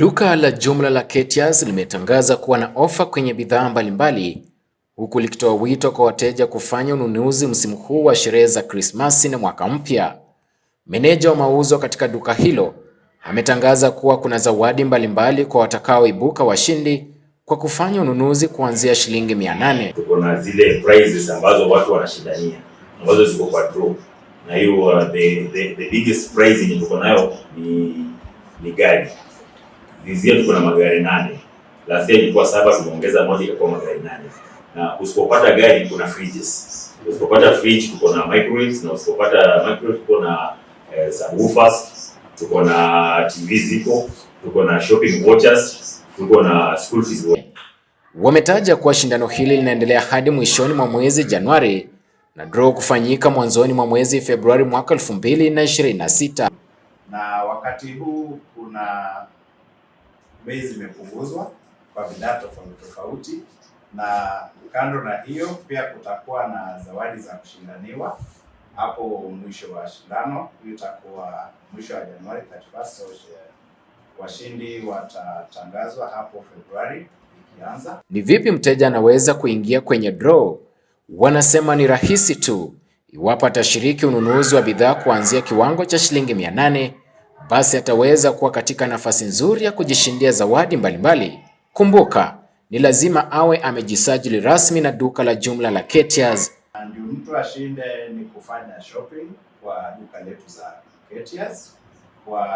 Duka la jumla la Khetias limetangaza kuwa na ofa kwenye bidhaa mbalimbali huku likitoa wito kwa wateja kufanya ununuzi msimu huu wa sherehe za Krismasi na mwaka mpya. Meneja wa mauzo katika duka hilo ametangaza kuwa kuna zawadi mbalimbali kwa watakaoibuka washindi kwa kufanya ununuzi kuanzia shilingi 800. Tuko na zile prizes ambazo watu wanashindania ambazo ziko kwa draw, na hiyo uh, the, the, the biggest prize yenye tuko nayo ni, ni gari Dizia tuko na magari nane, last year ilikuwa saba, tumeongeza moja ikakuwa magari nane. Na usipopata gari kuna fridges, usipopata fridge tuko na microwaves, na usipopata microwave tuko na eh, subwoofers, tuko na TV ziko, tuko na shopping vouchers, tuko na school fees. Wametaja kuwa shindano hili linaendelea hadi mwishoni mwa mwezi Januari na draw kufanyika mwanzoni mwa mwezi Februari mwaka 2026. Na wakati huu kuna bei zimepunguzwa kwa bidhaa tofauti tofauti, na kando na hiyo pia kutakuwa na zawadi za kushindaniwa hapo mwisho wa shindano. Hiyo itakuwa mwisho wa Januari 31, so washindi watatangazwa hapo Februari ikianza. Ni vipi mteja anaweza kuingia kwenye draw? Wanasema ni rahisi tu iwapo atashiriki ununuzi wa bidhaa kuanzia kiwango cha shilingi 800 basi ataweza kuwa katika nafasi nzuri ya kujishindia zawadi mbalimbali mbali. Kumbuka, ni lazima awe amejisajili rasmi na duka la jumla la Ketias. Ndio mtu ashinde ni kufanya shopping kwa duka letu za Ketias. Kwa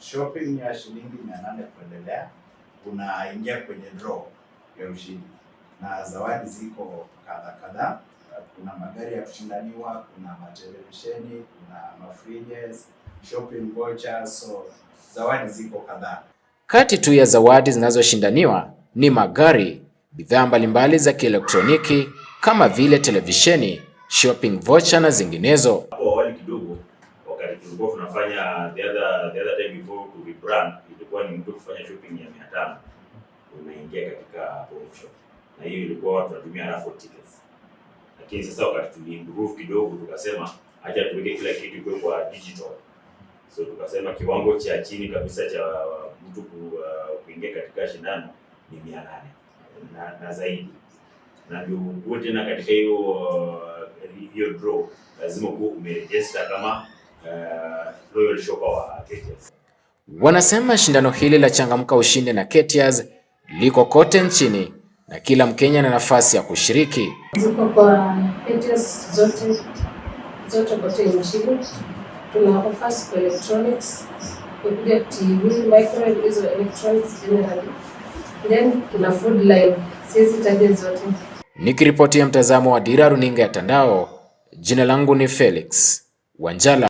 shopping ya shilingi 800 kuendelea, unaingia kwenye draw ya ushindi na zawadi ziko kadha kadha. Kuna magari ya kushindaniwa, kuna matelevisheni, kuna mafrijes shopping vouchers, so zawadi ziko kadhaa. Kati tu ya zawadi zinazoshindaniwa ni magari, bidhaa mbalimbali za kielektroniki kama vile televisheni, shopping voucher na zinginezo. Hapo awali kidogo, wakati tulikuwa tunafanya the other the other time before to ilikuwa ni mtu kufanya shopping ya unaingia katika promotion, na hiyo ilikuwa watu wanatumia raffle tickets, lakini sasa wakati kidogo, tukasema acha tuweke kila kitu kwa digital so tukasema kiwango cha chini kabisa cha mtu uh, kuingia katika shindano ni mia nane na, na zaidi na ndio huo tena katika hiyo uh, hiyo draw lazima kuwa umerejista kama uh, Royal Shopper wa Ketias. Wanasema shindano hili la Changamka Ushinde na Ketias liko kote nchini na kila Mkenya na nafasi ya kushiriki. Ziko kwa Ketias zote zote kote nchini tuna offers kwa electronics, kuja TV, microwave, hizo electronics generally, then tuna food line, sisi taje zote. Nikiripotia mtazamo wa Dira Runinga ya Tandao, jina langu ni Felix Wanjala.